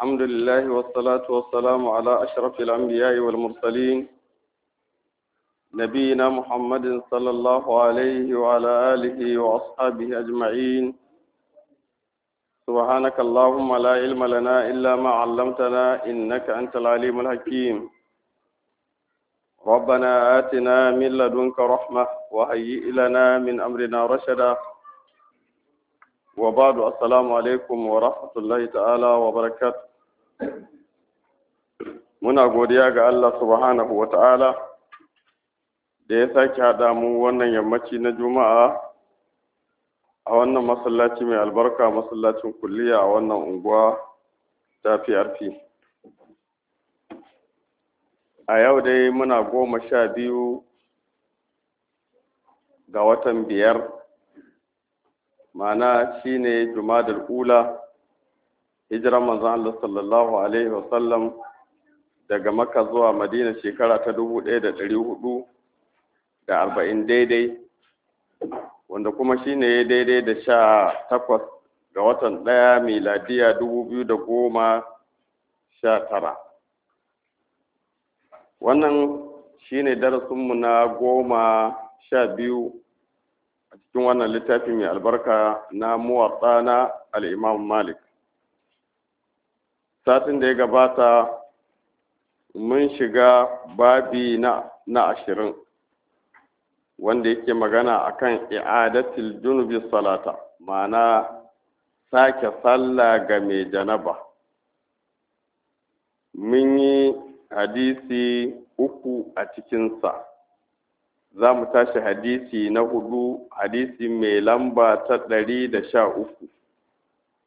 الحمد لله والصلاة والسلام على أشرف الأنبياء والمرسلين نبينا محمد صلى الله عليه وعلى آله وأصحابه أجمعين سبحانك اللهم لا علم لنا إلا ما علمتنا إنك أنت العليم الحكيم ربنا آتنا من لدنك رحمة وهيئ لنا من أمرنا رشدا وبعد السلام عليكم ورحمة الله تعالى وبركاته muna godiya ga Allah subhanahu wa ta'ala da ya sake haɗa mu wannan yammaci na juma'a a wannan masallaci mai albarka masallacin kulliya a wannan unguwa ta PRP. A yau dai muna goma sha biyu ga watan biyar, mana shine Jumadal Ula. hijiran manzon Allah sallallahu alaihi wa sallam daga makka zuwa madina shekara ta dubu ɗaya da ɗari hudu da arba'in daidai wanda kuma shine ya daidai da sha takwas ga watan ɗaya miladiya dubu biyu da goma sha tara wannan shine darasinmu na goma sha biyu a cikin wannan littafi mai albarka na muwatsa na al'imam malik satin da ya gabata mun shiga babi na na ashirin wanda yake magana akan i'adatil junubi salata ma'ana sake sallah ga mai janaba mun yi hadisi uku a cikinsa za mu tashi hadisi na hudu hadisi mai lamba ta ɗari da sha uku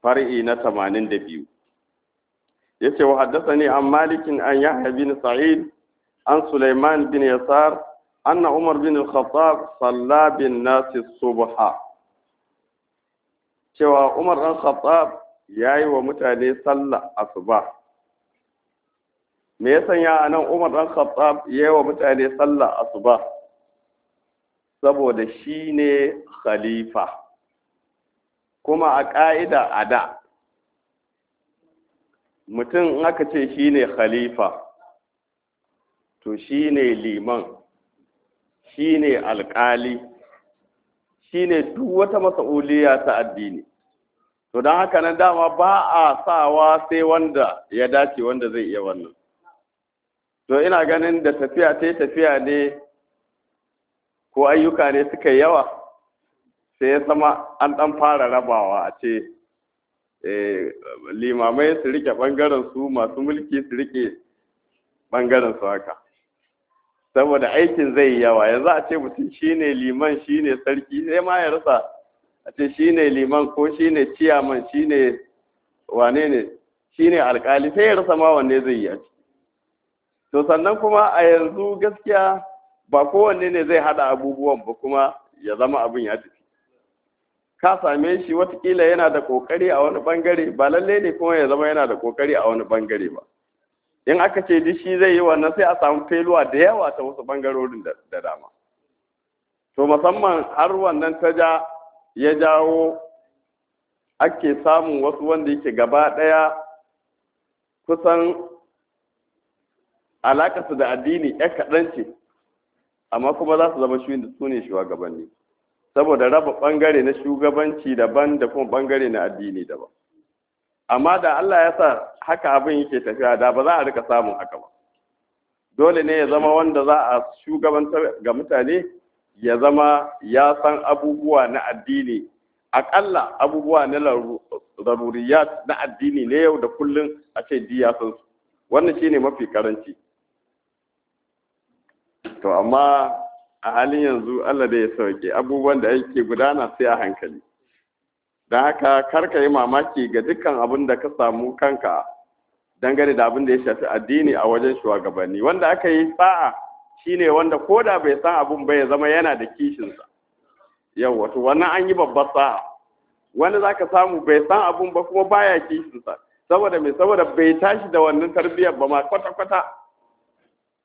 far'i na tamanin da biyu yace wa haddathani an malikin an yahya bin sa'id an sulaiman bin yasar anna umar bin al-khattab salla bin nas subha cewa umar dan khattab yayi wa mutane sallah asuba me ya sanya anan umar dan khattab yayi wa mutane sallah asuba saboda shine khalifa kuma a ƙa'ida a da mutum in aka ce shine khalifa to shine liman shine alkali shine duk wata mas'uliya ta addini to don haka nan dama ba a sawa sai wanda ya dace wanda zai iya wannan to ina ganin da tafiya ta tafiya ne ko ayyuka ne suka yawa sai ya zama an ɗan fara rabawa a ce Eh, limamai su rike bangaren su masu mulki su rike bangaren su haka saboda aikin zai yi yawa yanzu a ce mutum shine liman shine sarki sai ma ya rasa a ce shine liman ko shine ciyaman shine wane ne shine alkali sai ya rasa ma wanne zai yi a ciki to sannan kuma a yanzu gaskiya ba kowanne ne zai hada abubuwan ba kuma ya zama abin ya tafi ka same shi watakila yana da kokari a wani bangare ba lalle ne kuma ya zama yana da kokari a wani bangare ba in aka ce duk shi zai yi wannan sai a samu feluwa da yawa ta wasu bangarorin da dama to musamman har wannan ta ja ya jawo ake samun wasu wanda yake gaba ɗaya kusan alakarsu da addini ya kaɗan ce amma kuma za su zama shi su ne shugabanni saboda raba bangare na shugabanci daban da kuma bangare na addini daban amma da Allah ya sa haka abin yake tafiya da ba za a rika samun haka ba dole ne ya zama wanda za a shugabantar ga mutane ya zama ya san abubuwa na addini akalla abubuwa na zaruriyat na addini ne yau da kullun a ce di ya san su wannan shine mafi karanci to amma a halin yanzu Allah da ya sauke abubuwan da yake gudana sai a hankali don haka karka yi mamaki ga dukkan abin da ka samu kanka dangane da abin da ya shafi addini a wajen shugabanni wanda aka yi sa'a shine wanda ko da bai san abin ba ya zama yana da kishinsa yau wato wannan an yi babbar sa'a wani za ka samu bai san abun ba kuma baya kishinsa saboda mai saboda bai tashi da wannan tarbiyyar ba ma kwata-kwata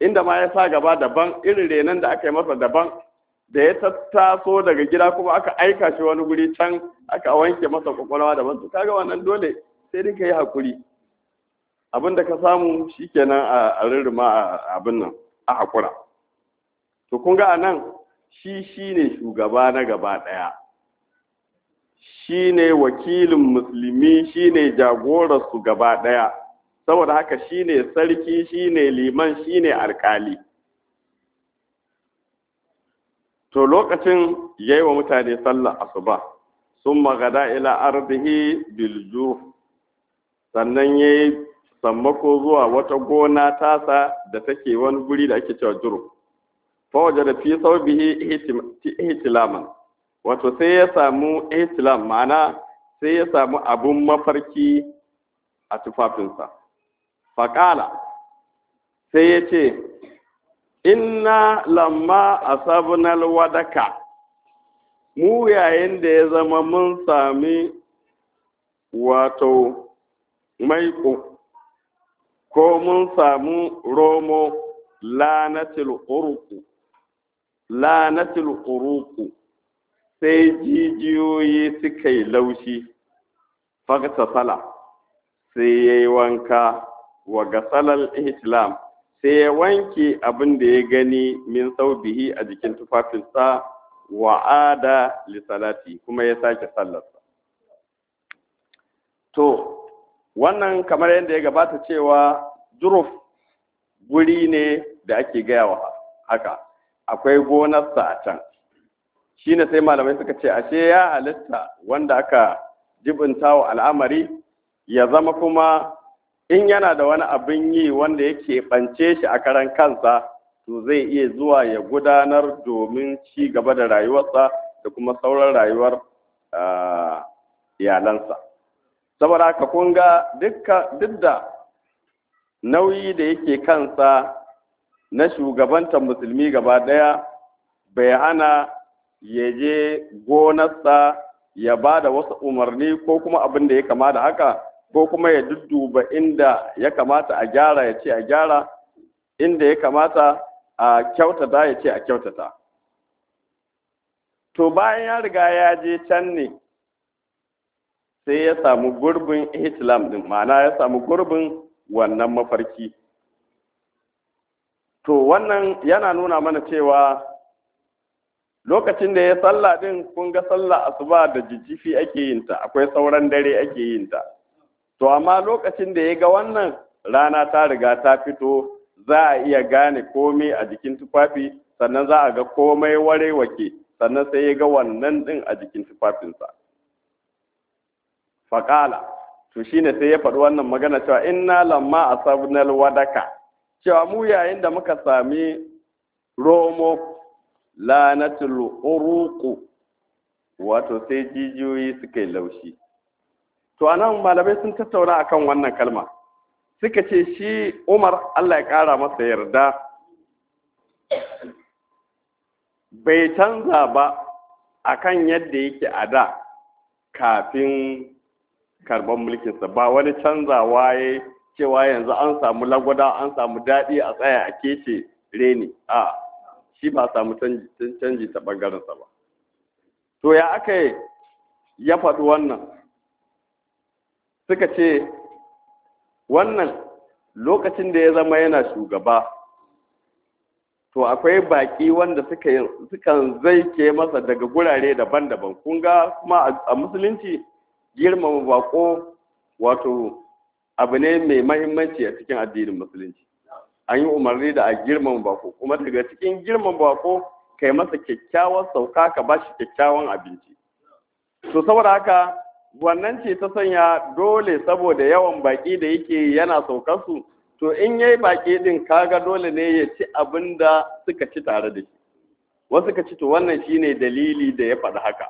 inda ma ya sa gaba daban irin renon da aka yi masa daban da ya tattaso daga gida kuma aka aika shi wani guri can aka wanke masa kwakwalwa daban to kaga wannan dole sai dinka yi hakuri abin da ka samu shikenan a rurruma abin nan a hakura to kun ga anan shi shine shugaba na gaba daya shine wakilin musulmi shine jagorar su gaba daya saboda haka shine sarki shine liman shine alkali to lokacin yayi wa mutane sallar asuba sun magada ila ardihi biljuf sannan yayi sammako zuwa wata gona tasa da take wani guri da ake cewa juru fa da fi sawbihi ihtilaman wato sai ya samu ihtilam ma'ana sai ya samu abun mafarki a tufafinsa faƙala sai ya ce inna lamma asabnal wadaka mu yayin da ya zama mun sami wato maiko ko mun samu romo lanatil uruku lanatil uruku sai jijiyoyi suka yi laushi fakta sala sai ya yi wanka wa gasalal islam sai ya wanke abin da ya gani min saubihi a jikin tufafinsa wa ada li kuma ya sake sallarsa to wannan kamar yadda ya gabata cewa juruf guri ne da ake gaya wa haka akwai gonarsa a can shi ne sai malamai suka ce ashe ya halitta wanda aka jibinta wa al'amari ya zama kuma in yana da wani abin yi wanda yake bance shi a karan kansa to zai iya zuwa ya gudanar domin ci gaba da rayuwarsa da kuma sauran rayuwar iyalansa saboda haka kun ga duk da nauyi da yake kansa na shugabantar musulmi gaba ɗaya bai hana ya je gonarsa ya ba da wasu umarni ko kuma abin da ya kama da haka ko kuma ya dudduba inda ya kamata a gyara ya ce a gyara inda ya kamata a kyautata ya ce a kyautata to bayan ya riga ya je can ne sai ya samu gurbin islam din ma'ana ya samu gurbin wannan mafarki to wannan yana nuna mana cewa lokacin da ya sallah din kun ga sallah asuba da jijjifi ake yinta, akwai sauran dare ake yinta. to amma lokacin da ya ga wannan rana ta riga ta fito za a iya gane komai a jikin tufafi sannan za a ga komai ware wake sannan sai ya ga wannan din a jikin tufafinsa faƙala to shi ne sai ya faɗi wannan magana cewa inna lamma sabunar wadaka cewa mu yayin da muka sami romo lanatul uruku wato sai jijiyoyi suka yi laushi to anan malamai sun tattauna akan wannan kalma suka ce shi Umar Allah ya kara masa yarda bai canza ba akan yadda yake a da kafin karban mulkinsa ba wani canzawa ya cewa yanzu an samu lagwada an samu daɗi a tsaya a kece reni a shi ba samu canji ta ɓangarensa ba to ya aka yi ya faɗi wannan suka ce wannan lokacin da ya zama yana shugaba to akwai baki wanda suka sukan zaike masa daga gurare daban-daban kun ga kuma a musulunci girmama bako wato abu ne mai mahimmanci a cikin addinin musulunci an yi umarni da a girmama bako kuma daga cikin girmama bako kai masa kyakkyawan sauka ka bashi shi kyakkyawan abinci to saboda haka wannan ce ta sanya dole saboda yawan baƙi da yake yana saukarsu to in yayi baƙi din kaga dole ne ya ci abin da suka ci tare da shi wasu ka ci to wannan shine dalili da ya faɗi haka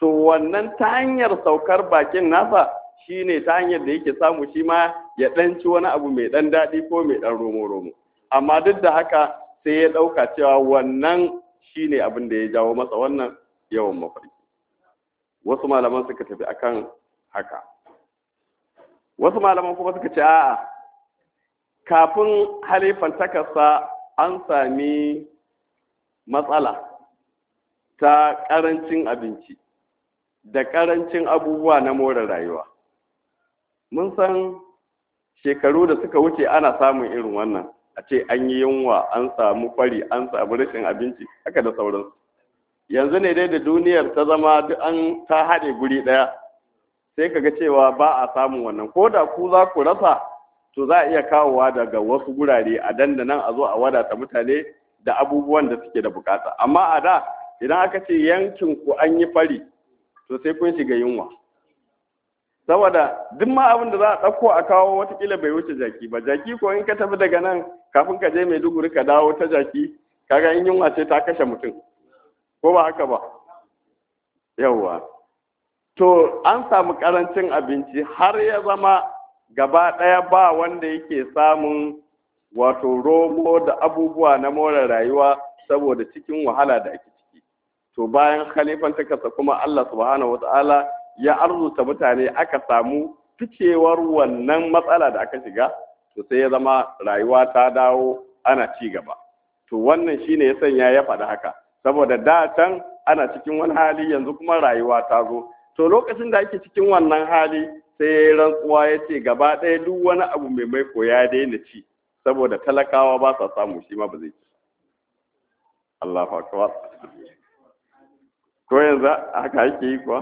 to wannan ta hanyar saukar baƙin nasa shine ta hanyar da yake samu shi ma ya ɗan ci wani abu mai ɗan daɗi ko mai ɗan romo-romo amma duk da haka sai ya ɗauka cewa wannan shine abin da ya jawo masa wannan yawan mafari wasu malaman suka tafi akan haka wasu malaman kuma suka ce a'a kafin halifan takasa, an sami matsala ta ƙarancin abinci da ƙarancin abubuwa na more rayuwa mun san shekaru da suka wuce ana samun irin wannan a ce an yi yunwa an samu kwari an samu rashin abinci haka da sauransu yanzu ne dai da duniyar ta zama an ta haɗe guri ɗaya sai kaga cewa ba a samun wannan ko da ku za ku rasa to za a iya kawowa daga wasu gurare a dandanan a zo a wadata mutane da abubuwan da suke da bukata amma a da idan aka ce yankin ku an yi fari to sai kun shiga yunwa saboda duk ma abin da za a ɗauko a kawo watakila bai wuce jaki ba jaki ko in ka tafi daga nan kafin ka je maiduguri ka dawo ta jaki kaga in yunwa ce ta kashe mutum ko ba haka ba yawa? to an samu karancin abinci har ya zama gaba ɗaya ba wanda yake samun wato romo da abubuwa na more rayuwa saboda cikin wahala da ake ciki to bayan khalifan takasa kuma Allah subhanahu wata'ala ya arzuta mutane aka samu ficewar wannan matsala da aka shiga to sai ya zama rayuwa ta dawo ana ci gaba to wannan shine ya sanya ya faɗi haka saboda da can ana cikin wani hali yanzu kuma rayuwa ta zo to lokacin da ake cikin wannan hali sai ya yi rantsuwa ya ce gaba ɗaya duk wani abu mai ko ya daina ci saboda talakawa ba sa samu shi ma ba zai ci Allah akbar ko yanzu haka yake yi kuwa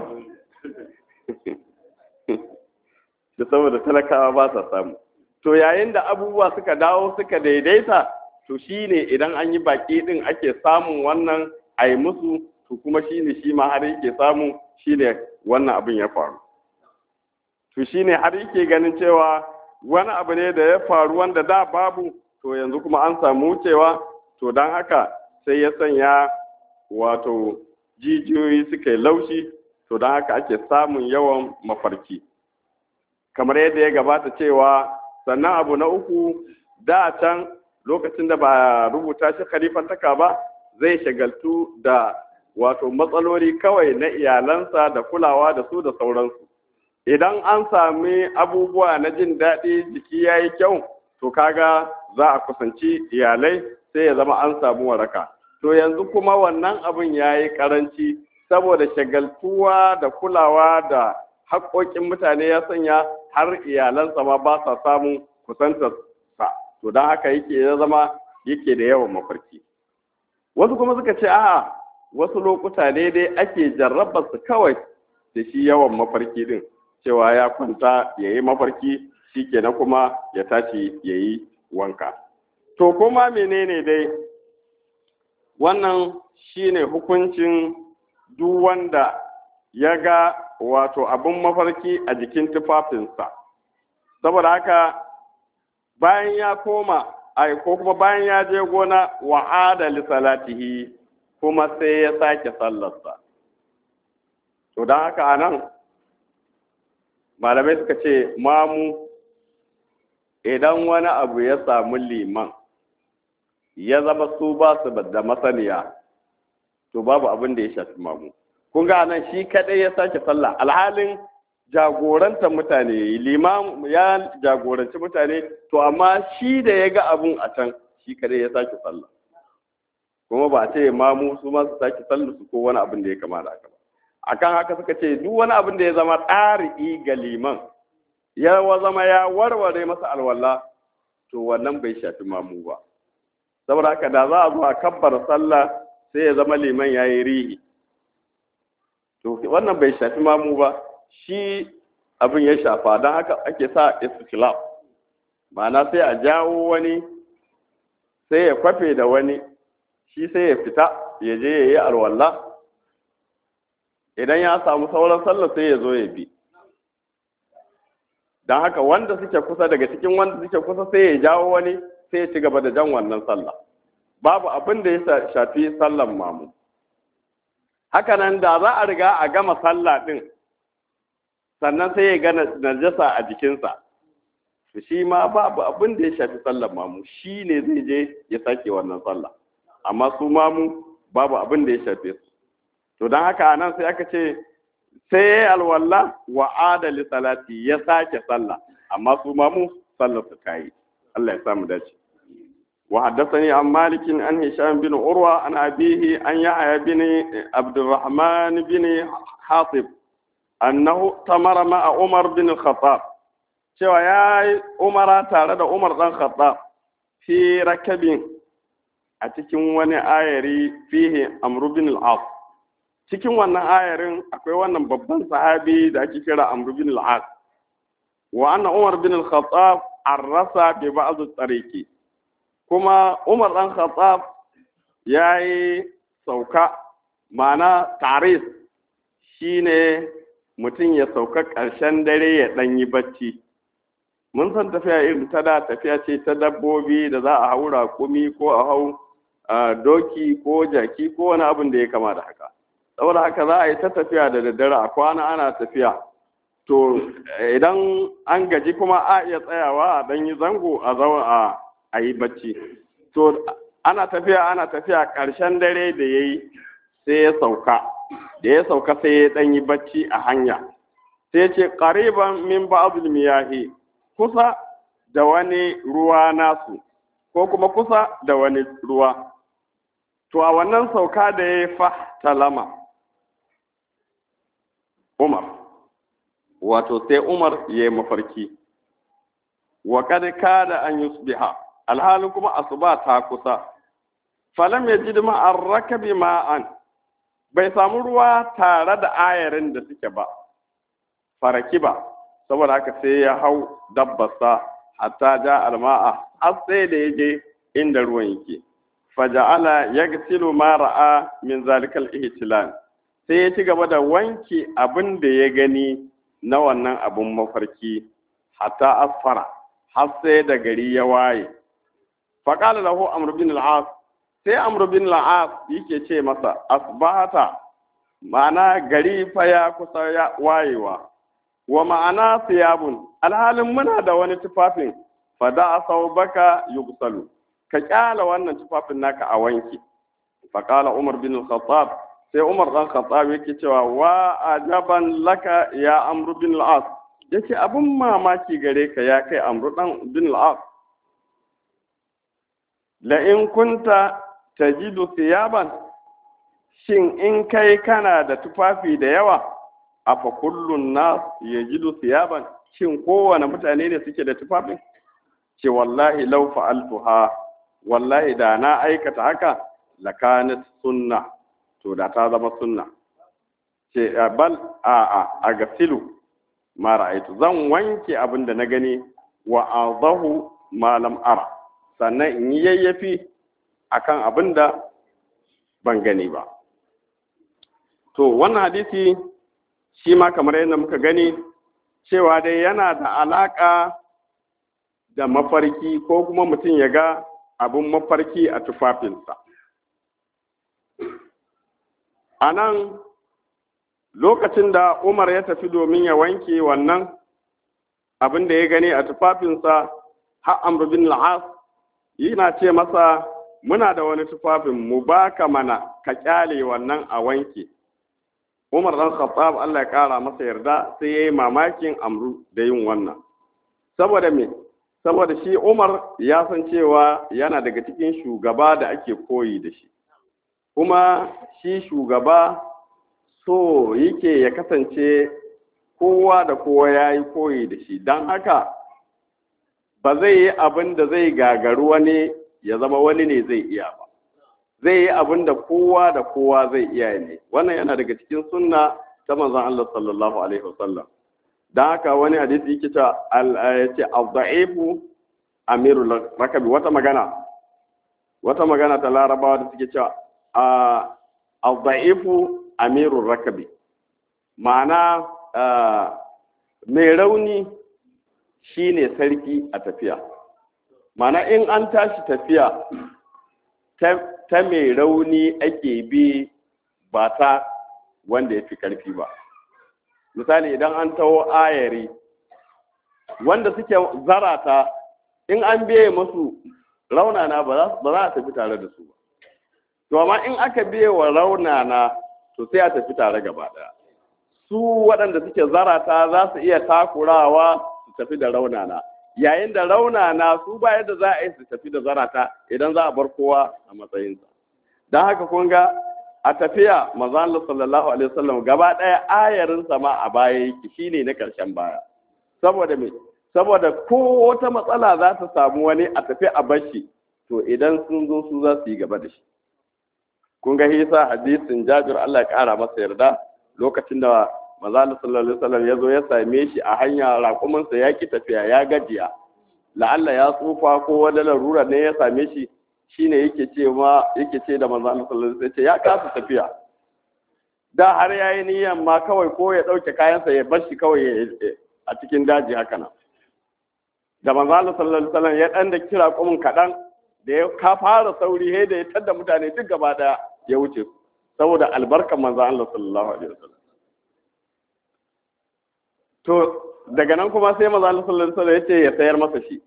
da saboda talakawa ba sa samu to yayin da abubuwa suka dawo suka daidaita to shine idan an yi baki din ake samun wannan a yi musu to kuma shine shi ma har yake samu shine wannan abin ya faru to shine har yake ganin cewa wani abu ne da ya faru wanda da babu to yanzu kuma an samu cewa to don haka sai ya sanya wato jijiyoyi suka yi laushi to don haka ake samun yawan mafarki kamar yadda ya gabata cewa sannan abu na uku da can lokacin da ba rubuta shi khalifantaka ba zai shagaltu da wato matsaloli kawai na iyalansa da kulawa da su da sauransu idan an sami abubuwa na jin daɗi jiki ya yi kyau to kaga za a kusanci iyalai sai ya zama an samu waraka to yanzu kuma wannan abin ya yi ƙaranci saboda shagaltuwa da kulawa da haƙoƙin mutane ya sanya har iyalansa ma ba sa samun kusantar to don haka yake ya zama yake da yawan mafarki wasu kuma suka ce a'a wasu lokuta ne dai ake jarrabar su kawai da shi yawan mafarki din cewa ya kwanta ya yi mafarki shi kenan kuma ya tashi ya yi wanka to kuma menene dai wannan shine hukuncin duk wanda ya ga wato abin mafarki a jikin tufafinsa saboda haka bayan ya koma ai ko kuma bayan ya je gona wa ada li salatihi kuma sai ya sake sallarsa to don haka anan malamai suka ce mamu idan wani abu ya samu liman ya zama su ba su da masaniya to babu abin da ya shafi mamu kun ga anan shi kadai ya sake sallah alhalin jagoranta mutane ya yi limam ya jagoranci mutane to amma shi da ya ga abun a can shi kadai ya sake sallah kuma ba ce mamu su ma su sake sallah su ko wani abin da ya kamata haka A akan haka suka ce duk wani abin da ya zama ɗari'i ga liman ya zama ya warware masa alwala to wannan bai shafi mamu ba saboda haka da za a zo a kabbar sallah sai ya zama liman ya yi rihi to wannan bai shafi mamu ba shi abin ya shafa don haka ake sa istilaf ma'ana sai a jawo wani sai ya kwafe da wani shi sai ya fita ya je ya yi alwallah idan ya samu sauran sallah sai ya zo ya bi don haka wanda suke kusa daga cikin wanda suke kusa sai ya jawo wani sai ya ci gaba da jan wannan sallah babu abin da ya shafi sallan mamu Haka nan da za a riga a gama sallah din sannan sai ya gana najasa a jikinsa to shi ma babu abin da ya shafi sallar mamu shi ne zai je ya sake wannan sallah amma su mamu babu abin da ya shafe su to don haka nan sai aka ce sai ya yi alwala wa adali salati ya sake sallah amma su mamu sallar su kayi Allah ya samu dace haddasa عن an malikin an بن bini urwa an abihi an بن عبد الرحمن bin Hasib. annahu tamara ma Umar bin Khattab cewa yayi umara tare da Umar dan Khattab fi rakabin a cikin wani ayari fihi Amr bin al-As cikin wannan ayarin akwai wannan babban sahabi da ake kira Amr bin al-As wa anna Umar bin al-Khattab arrasa bi ba'd at kuma Umar dan Khattab yayi sauka ma'ana tarif shine mutum ya sauka ƙarshen dare ya ɗan yi bacci mun san tafiya irin ta da tafiya ce ta dabbobi da za a haura kumi ko a hau doki ko jaki ko wani abin da ya kama da haka saboda haka za a yi ta tafiya da daddare a kwana ana tafiya to idan an gaji kuma a iya tsayawa a ɗan yi zango a zauna a yi bacci to ana tafiya ana tafiya ƙarshen dare da ya yi sai ya sauka da ya sauka sai ya ɗanyi bacci a hanya sai ce ƙariban min ba'dul miyahi kusa da wani ruwa nasu ko kuma kusa da wani ruwa to a wannan sauka da ya fa talama Umar, wato sai Umar ya yi mafarki, wa kada kada an yi biha, alhalin kuma asuba ta kusa, falam ya ji raka rakabi ma'an bai samu ruwa tare da ayarin da suke ba faraki ba saboda haka sai ya hau dabbasa hatta ja alma'a har sai da yaje inda ruwan yake faja'ala ya yaghsilu ma ra'a min zalikal ihtilal sai ya ci gaba da wanke abin da ya gani na wannan abin mafarki hatta asfara har sai da gari ya waye faqala lahu amr bin al sai amru bin yake ce masa asbahata ma'ana gari fa ya kusa ya wayewa wa ma'ana siyabun alhalin muna da wani tufafin fada da saubaka yubsalu ka kyala wannan tufafin naka a wanki faƙala umar bin al-khattab sai umar dan khattab yake cewa wa ajaban laka ya amru bin la'as? as yace abun mamaki gare ka ya kai amru dan bin la'as? la in kunta tajidu siyaban shin in kai kana da tufafi da yawa afa kullun nas yajidu siyaban shin kowane mutane ne suke da tufafin ce wallahi law fa'altuha wallahi da na aikata haka lakanat sunna to da ta zama sunna ce bal a a a gasilu ma zan wanke abin da na gani wa azahu zahu malam ara sannan in yi yayyafi akan abin da ban gani ba to wannan hadisi shi ma kamar yadda muka gani cewa dai yana da alaƙa da mafarki ko kuma mutum ya ga abin mafarki a tufafinsa a nan lokacin da umar ya tafi domin ya wanke wannan abin da ya gani a tufafinsa har amr bin la'as yana ce masa muna da wani tufafin mu baka mana ka kyale wannan a wanke Umar dan Khattab Allah ya kara masa yarda sai yayi mamakin amru da yin wannan saboda me saboda shi Umar ya san cewa yana daga cikin shugaba da ake koyi da shi kuma shi shugaba so yake ya kasance kowa da kowa ya yi koyi da shi don haka ba zai yi abin da zai gagaru wani ya zama wani ne zai iya ba zai yi abin da kowa da kowa zai iya ne wannan yana daga cikin sunna ta manzon Allah sallallahu alaihi wasallam dan haka wani hadisi yake ta al-ayati ad amirul rakabi wata magana wata magana ta larabawa da suke cewa al-da'ifu amirul rakabi ma'ana eh, mai rauni shine sarki a tafiya mana in an tashi tafiya ta mai rauni ake bi ba ta wanda ya fi ƙarfi ba misali idan an taho ayari wanda suke zarata in an biye musu raunana ba za a tafi tare da su ba to amma in aka biye wa raunana to sai a tafi tare gaba ɗaya su waɗanda suke zarata za su iya takurawa su tafi da raunana yayin da raunana su ba yadda za a yi su tafi da zarata idan za a bar kowa a matsayinsa don haka kun ga a tafiya manzo sallallahu alaihi wasallam gaba ɗaya ayarin ma a baya yake shine na karshen baya saboda me saboda ko wata matsala za ta samu wani a tafi a bashi to idan sun zo su za su yi gaba da shi kun ga hisa hadisin jajir Allah ya kara masa yarda lokacin da manzo sallallahu alaihi wasallam ya zo ya same shi a hanya raƙuminsa ya ki tafiya ya gajiya la'alla ya tsufa ko wani larura ne ya same shi shine yake ce ma yake ce da manzo sallallahu alaihi wasallam ya kasa tafiya da har yayi niyan ma kawai ko ya dauke kayansa ya bar shi kawai a cikin daji haka nan da manzo sallallahu alaihi wasallam ya dan da kira kumin kadan da ya ka fara sauri he da ya tada mutane duk gaba daya ya wuce saboda albarkar manzo Allah sallallahu alaihi wasallam to daga nan kuma sai maza Allah sallallahu alaihi ya ce ya sayar masa shi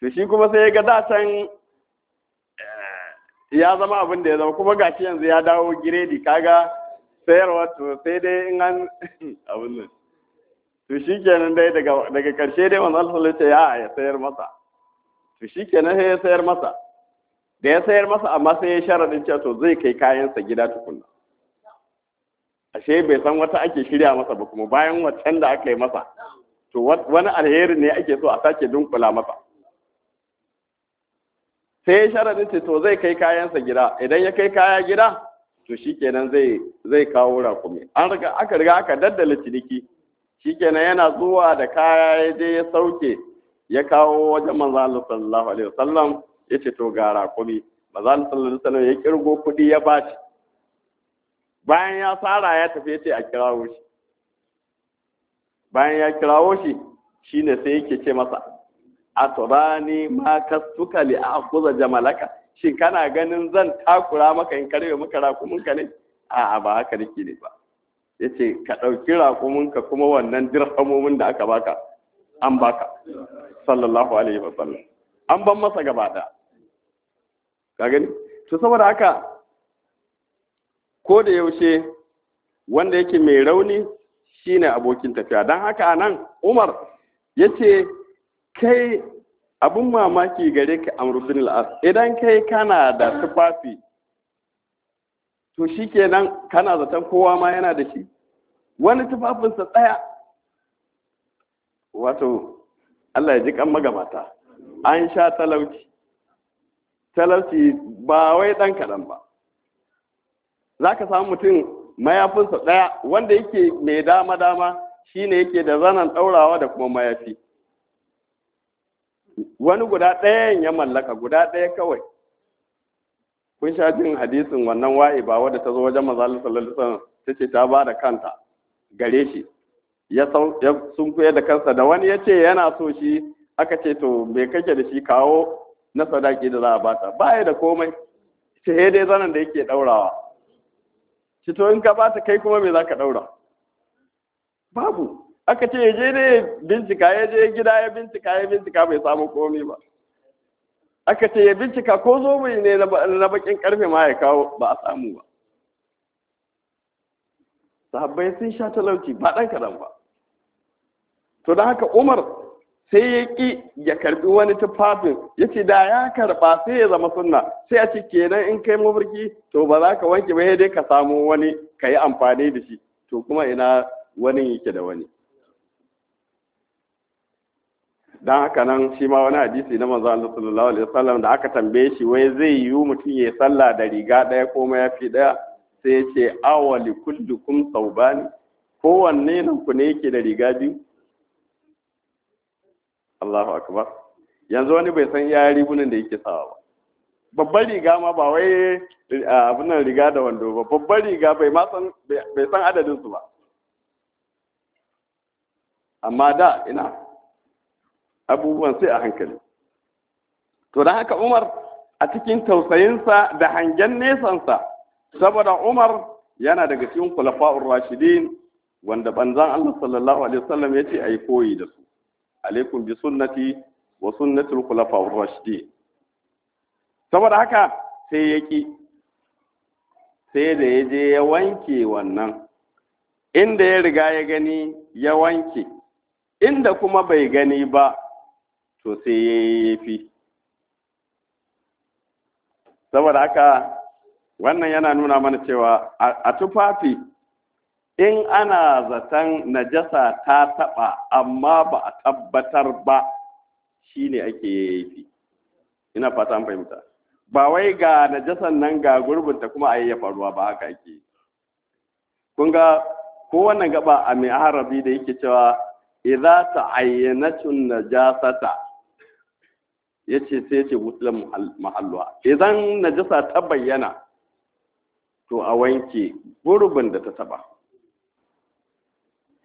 to shi kuma sai ya ga da can eh, ya zama abin da ya zama kuma gashi yanzu ya dawo giredi kaga sayarwa to sai dai in an abin nan to shi kenan dai daga daga karshe dai maza Allah ya ce ya ya sayar masa to shi kenan sai ya sayar masa da ya sayar masa amma sai ya sharadin cewa to zai kai kayansa gida tukunna ashe bai san wata ake shirya masa ba kuma bayan waccan da aka yi masa to wani alheri ne ake so a sake dunkula masa sai ya sharadin ce to zai kai kayansa gida idan ya kai kaya gida to shikenan zai zai kawo rakumi an riga aka riga aka daddala ciniki shi shikenan yana zuwa da kaya ya je ya sauke ya kawo wajen manzo Allah sallallahu alaihi wasallam yace to ga rakumi manzo Allah sallallahu alaihi wasallam ya kirgo kuɗi ya bashi bayan ya tsara ya tafi ya ce a kirawo shi bayan ya kirawo shi shi ne sai yake ce masa A turani ma kastuka li akuza jamalaka shin kana ganin zan takura maka in karbe maka rakuminka ne a'a ba haka nake ne ba ce ka ɗauki rakuminka kuma wannan dirhamomin da aka baka an baka sallallahu alaihi wasallam an ban masa gaba ka gani to saboda haka ko da yaushe wanda yake mai rauni shine abokin tafiya don haka nan, umar ya ce kai abin mamaki gare ka amrudin al'as idan kai kana da tufafi to shi kenan kana zaton kowa ma yana da shi wani tufafinsa tsaya wato allah ya ji kan magabata an sha talauci talauci ba wai ɗan kaɗan ba za ka samu mutum mayafinsa ɗaya wanda yake mai dama dama shine yake da zanen ɗaurawa da kuma mayafi wani guda ɗayan ya mallaka guda ɗaya kawai kun sha jin hadisin wannan wa'i ba wadda ta zo wajen mazalin sallallahu ta ce ta ba da kanta gare shi ya sun da kansa da wani ya ce yana so shi aka ce to me kake da shi kawo na sadaki da za a bata ba da komai ce dai zanen da yake ɗaurawa ci to in ka ba ta kai kuma me za ka ɗaura babu aka ce je ne bincika ya je gida ya bincika ya bincika bai samu komai ba aka ce ya bincika ko zo mai ne na bakin karfe ma ya kawo ba a samu ba sahabbai sun sha talauci ba ɗan kaɗan ba to don haka umar sai ya ƙi ya karbi wani tufafin ya ce da ya karba sai ya zama sunna sai a ce kenan in kai mafarki to ba za ka wanke ba ya dai ka samu wani ka yi amfani da shi to kuma ina wani yake da wani dan haka nan shi ma wani hadisi na manzo Allah sallallahu alaihi wasallam da aka tambaye shi wai zai yi mutum ya sallah da riga daya ko yafi daya sai ya ce awali kullukum thawban kowanne nan ku ne yake da riga biyu Allahu akbar yanzu wani bai san ya ribunan da yake sawa ba Babban riga ma ba wai abin nan riga da wando ba Babban riga bai ma san bai san adadin su ba amma da ina abubuwan sai a hankali to dan haka Umar a cikin tausayinsa da hangen nesansa saboda Umar yana daga cikin khulafa'ur rashidin wanda banzan Allah sallallahu alaihi wasallam ya ce a yi koyi da su alaikum bi sunnati wa sunnatul ar rashidin saboda haka sai yaki sai da ya je ya wanke wannan inda ya riga ya gani ya wanke inda kuma bai gani ba to sai ya yafi saboda haka wannan yana nuna mana cewa a tufafi in ana zaton najasa ta taɓa amma ba a tabbatar ba shi ne ake yi ina fata an fahimta ba wai ga najasan nan ga gurbinta kuma a ya faruwa ba haka ake kun ga kowane gaba a mai harabi da yake cewa idza ta'ayyanatun najasata ce sai ce wutsal mahalluwa idan najasa ta bayyana to a wanke gurbin da ta taba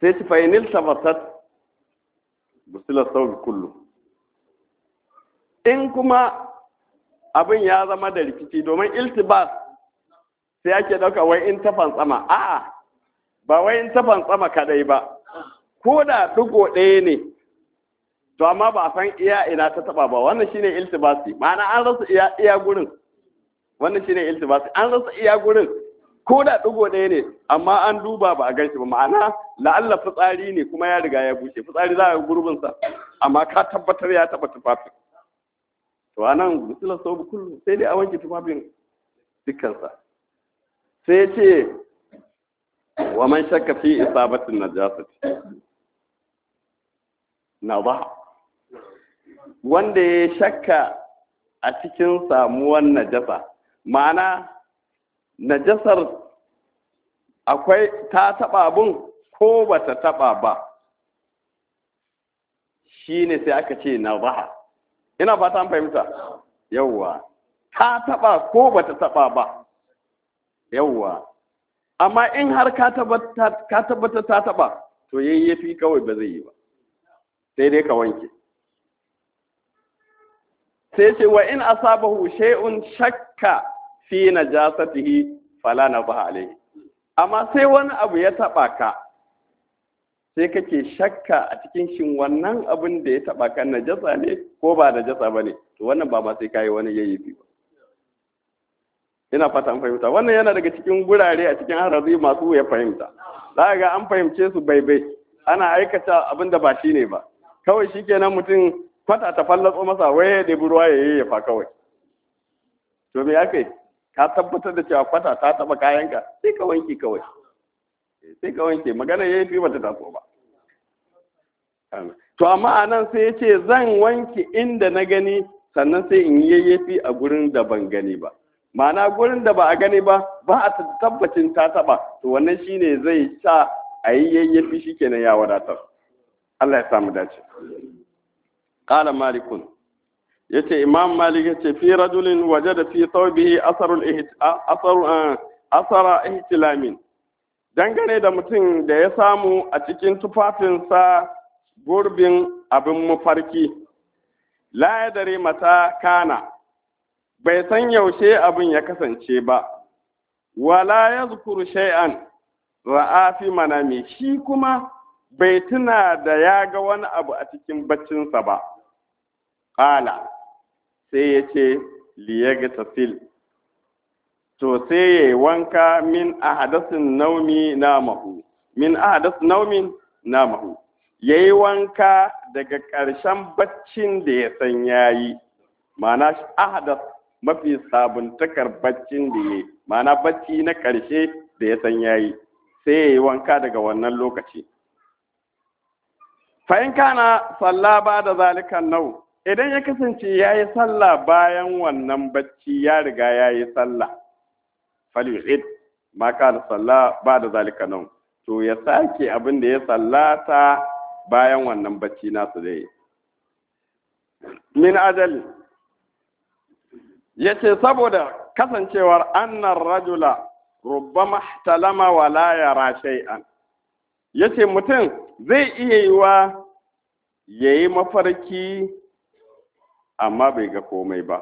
sai ci fa'inil tabbatat busila sauri kullum. in kuma abin ya zama da rikici domin iltibas sai ake ɗauka wai in tafan tsama a'a ba wai in tafan tsama kadai ba ko da ɗigo ɗaya ne to amma ba a san iya ina ta taba ba wannan shine iltibasi ma'ana an rasa iya iya gurin wannan shine iltibasi an rasa iya gurin ko da ɗigo ɗaya ne amma an duba ba a gan shi ba ma'ana la'alla fitsari ne kuma ya riga ya bushe fitsari za a yi gurbinsa amma ka tabbatar ya taɓa tufafin to a nan kullum sai dai a wanke tufafin dukkansa sai ce wa man shakka fi isabatin najasati na ba wanda ya shakka a cikin samuwan najasa ma'ana najasar akwai ta taɓa abun ko ba ta taɓa ba shi ne sai aka ce na baha ina fata ta fahimta yawwa ta taɓa ko ba ta taɓa ba yawwa amma in har ka tabbata ta taɓa to yayyafi kawai ba zai yi ba sai dai ka wanke sai ce wa in asabahu shay'un shakka fi najasatihi fala ba alaihi amma sai wani abu ya taɓa ka sai kake shakka a cikin shin wannan abin da ya taɓa ka jasa ne ko ba jasa ba ne. to wannan ba ma sai ka yi wani yayi bi ba ina fata an fahimta wannan yana daga cikin gurare a cikin harazi masu ya fahimta za ga an fahimce su baibai ana aikata abin da ba shine ba kawai shikenan mutum kwata ta fallatso masa waye da ruwa ya yi fa kawai to me yake ka tabbatar da cewa kwata ta taba kayanka sai ka wanke kawai sai ka wanke magana ya fi bata taso ba to amma a nan sai ya ce zan wanke inda na gani sannan sai in yi yayyafi a gurin da ban gani ba ma'ana gurin da ba a gani ba ba a tabbacin ta taba to wannan shine zai sa a yi yayyafi kenan ya wadatar Allah ya samu dace Kala malikun yace imam malik yace fi rajulin wajada fi thawbihi asara ihtilamin dangane da mutum da ya samu a cikin tufafinsa gurbin abin mafarki la ya mata kana bai san yaushe abin ya kasance ba wala ya zukuru shay'an ra'afi manami shi kuma bai tuna da ya ga wani abu a cikin baccinsa ba ƙala sai ya ce liyagtasil to sai ya yi wanka min ahadasin naumi na mahu, min naumi na mahu. ya yi wanka daga ƙarshen baccin da ya san ya yi ma'ana ahadas mafi sabuntakar baccin da ya yi ma'ana bacci na ƙarshe da ya san ya yi sai ya yi wanka daga wannan lokaci fa'in na salla ba da zalikan nau idan ya kasance ya yi sallah bayan wannan bacci ya riga ya yi sallah falyu'id ma da sallah ba da zalika nan to ya sake abin da ya sallata bayan wannan bacci nasu zai min ya ce saboda kasancewar annar rajula rubbama talama wa la yara shay'an ce mutum zai iya yiwa yi mafarki amma bai ga komai ba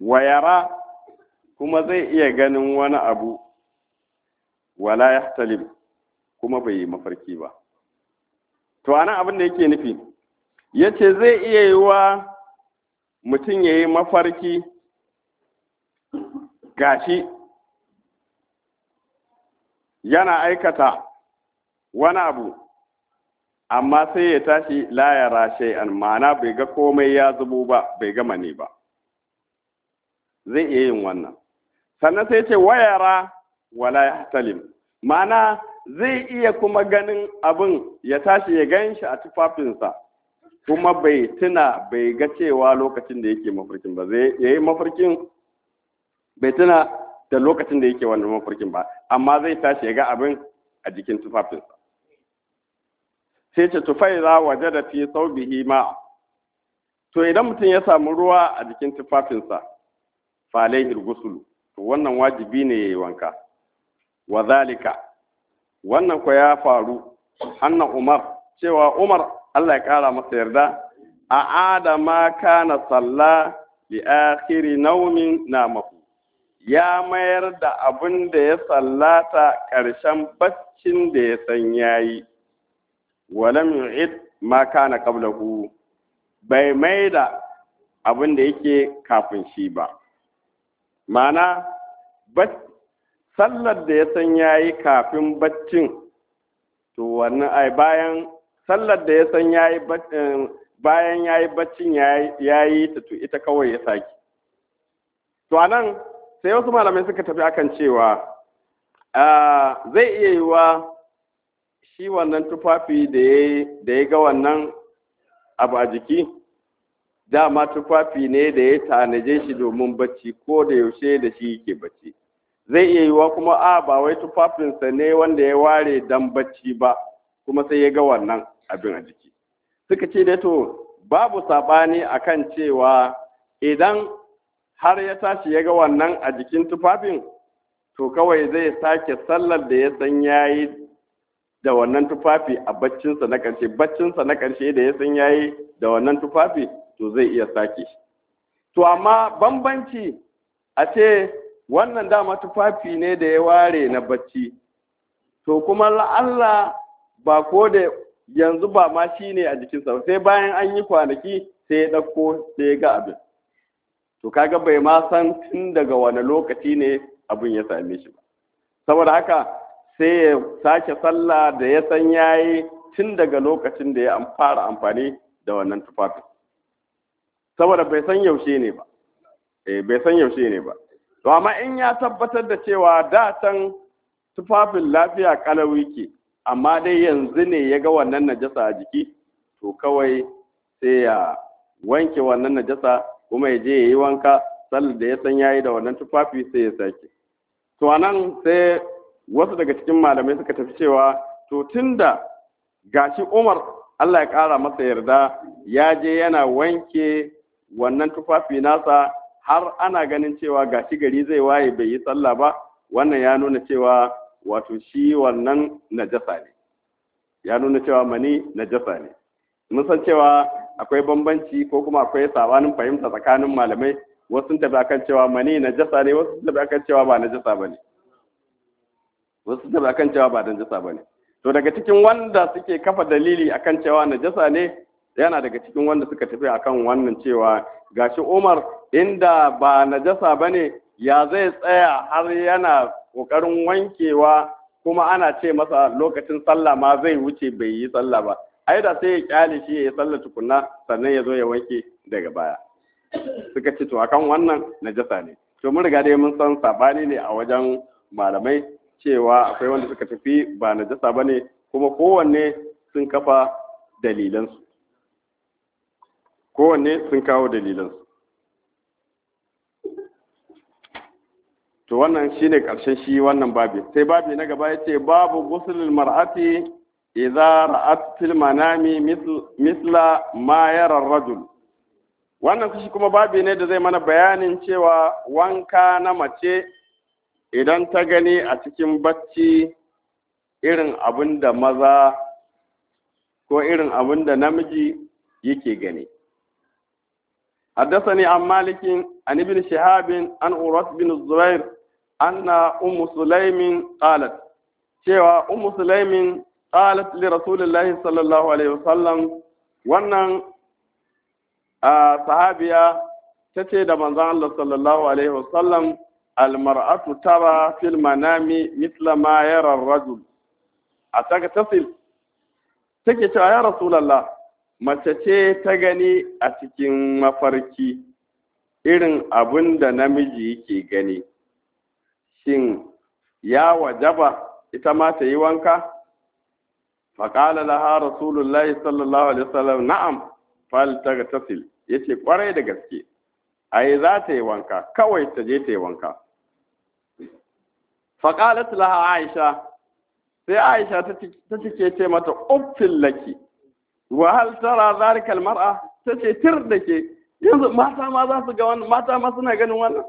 wayara kuma zai iya ganin wani abu wala talib kuma bai yi mafarki ba to anan abin da yake nufi yace zai iya wa mutum ya yi mafarki gashi yana aikata wani abu amma sai ya tashi la yara shay'an ma'ana bai ga komai ya zubo ba bai gama ne ba zai iya yin wannan sannan sai ce wayara wala ya talim ma'ana zai iya kuma ganin abin ya tashi ya gan shi a tufafinsa kuma bai tuna bai ga cewa lokacin da yake mafarkin ba zai yayi mafarkin bai tuna da lokacin da yake wannan mafarkin ba amma zai tashi ya ga abin a jikin tufafinsa sai ce za waje da fi saubihi ma to idan mutum ya samu ruwa a jikin tufafinsa falai irgusulu to wannan wajibi ne ya yi wanka wa zalika wannan ko ya faru anna umar cewa umar allah ya kara masa yarda a adama kana salla li akhiri naumin namahu ya mayar da abin da ya sallata ƙarshen baccin da ya san yayi walam yu'id ma kana qablahu bai mai da abin da yake kafin shi ba ma'ana sallar da ya san yayi kafin baccin to wannan ai bayan sallar da ya san yayi eh, bayan yayi baccin yayi ta to ita kawai ya saki to anan sai wasu malamai suka tafi akan cewa ah, zai iya yiwa shi wannan tufafi da ya ga wannan abu a jiki dama tufafi ne da ya tanaje shi domin bacci ko da yaushe da shi yake bacci zai iya yiwuwa kuma a ba wai tufafinsa ne wanda ya ware dan bacci ba kuma sai ya ga wannan abin a jiki suka ce dai to babu saɓani akan cewa idan har ya tashi ya ga wannan a jikin tufafin to kawai zai sake sallar da ya san yayi da wannan tufafi a baccinsa na ƙarshe baccinsa na ƙarshe da ya san yayi da wannan tufafi to zai iya sake shi to amma bambanci a ce wannan dama tufafi ne da ya ware na bacci to kuma la'alla ba ko da yanzu ba ma shi ne a jikinsa sai bayan an yi kwanaki sai ya ɗauko sai ya ga abin to kaga bai ma san tun daga wani lokaci ne abin ya same shi ba saboda haka sai ya sake sallah da ya san yayi tun daga lokacin da ya fara amfani da wannan tufafin saboda bai san yaushe ne ba eh bai san yaushe ne ba to amma in ya tabbatar da cewa da can tufafin lafiya kalawi ke amma dai yanzu ne ya ga wannan najasa a jiki to kawai sai ya wanke wannan najasa kuma ya je ya yi wanka sallar da ya san yayi da wannan tufafi sai ya sake to anan sai wasu daga cikin malamai suka tafi cewa to tunda gashi Umar Allah ya ƙara masa yarda ya je yana wanke wannan tufafi nasa har ana ganin cewa gashi gari zai waye bai yi sallah ba wannan ya nuna cewa wato shi wannan najasa ne ya nuna cewa mani najasa ne mun san cewa akwai bambanci ko kuma akwai sabanin fahimta tsakanin malamai wasu tafi akan cewa mani najasa ne wasu tafi akan cewa ba najasa bane wasu suka akan cewa ba najasa bane to daga cikin wanda suke kafa dalili akan cewa najasa ne yana daga cikin wanda suka tafi akan wannan cewa gashi Umar inda ba najasa bane ya zai tsaya har yana kokarin wankewa kuma ana ce masa lokacin sallah ma zai wuce bai yi sallah ba ai da sai ya kyale shi ya sallah tukunna sannan ya zo ya wanke daga baya suka ce to akan wannan najasa ne to mun riga dai mun san sabani ne a wajen malamai cewa akwai wanda suka tafi ba najasa ba ne kuma kowanne sun kafa dalilansu kowanne sun kawo dalilansu to wannan shi ne ƙarshen shi wannan babi sai babi na gaba ya ce, babu ghuslul mar'ati idza ra'at fil manami misla ma yara rajul wannan shi kuma babi ne da zai mana bayanin cewa wanka na mace idan ta gani a cikin bacci irin abin da maza ko irin abin da namiji yake gani حدثني عن مالك عن ابن شهاب عن أورس بن الزبير أن أم سليم قالت شوى أم سليم قالت لرسول الله صلى الله عليه وسلم wannan sahabiya ta ce da manzon Allah sallallahu alaihi المرأة ترى في المنام مثل ما يرى الرجل أتاك تصل تكي يا رسول الله mace ce ta gani a cikin mafarki irin abin da namiji yake gani shin ya wajaba ita ma ta yi wanka faƙala laha rasulullahi sallallahu alaihi wasallam na'am fal taga tasil yace kwarai da gaske ai za ta yi wanka kawai ta je ta yi wanka faƙalat laha aisha sai aisha ta cike ce mata uffin laki wa hal tara zalika almar'a ta ce tir da ke yanzu mata ma za su ga wannan mata ma suna ganin wannan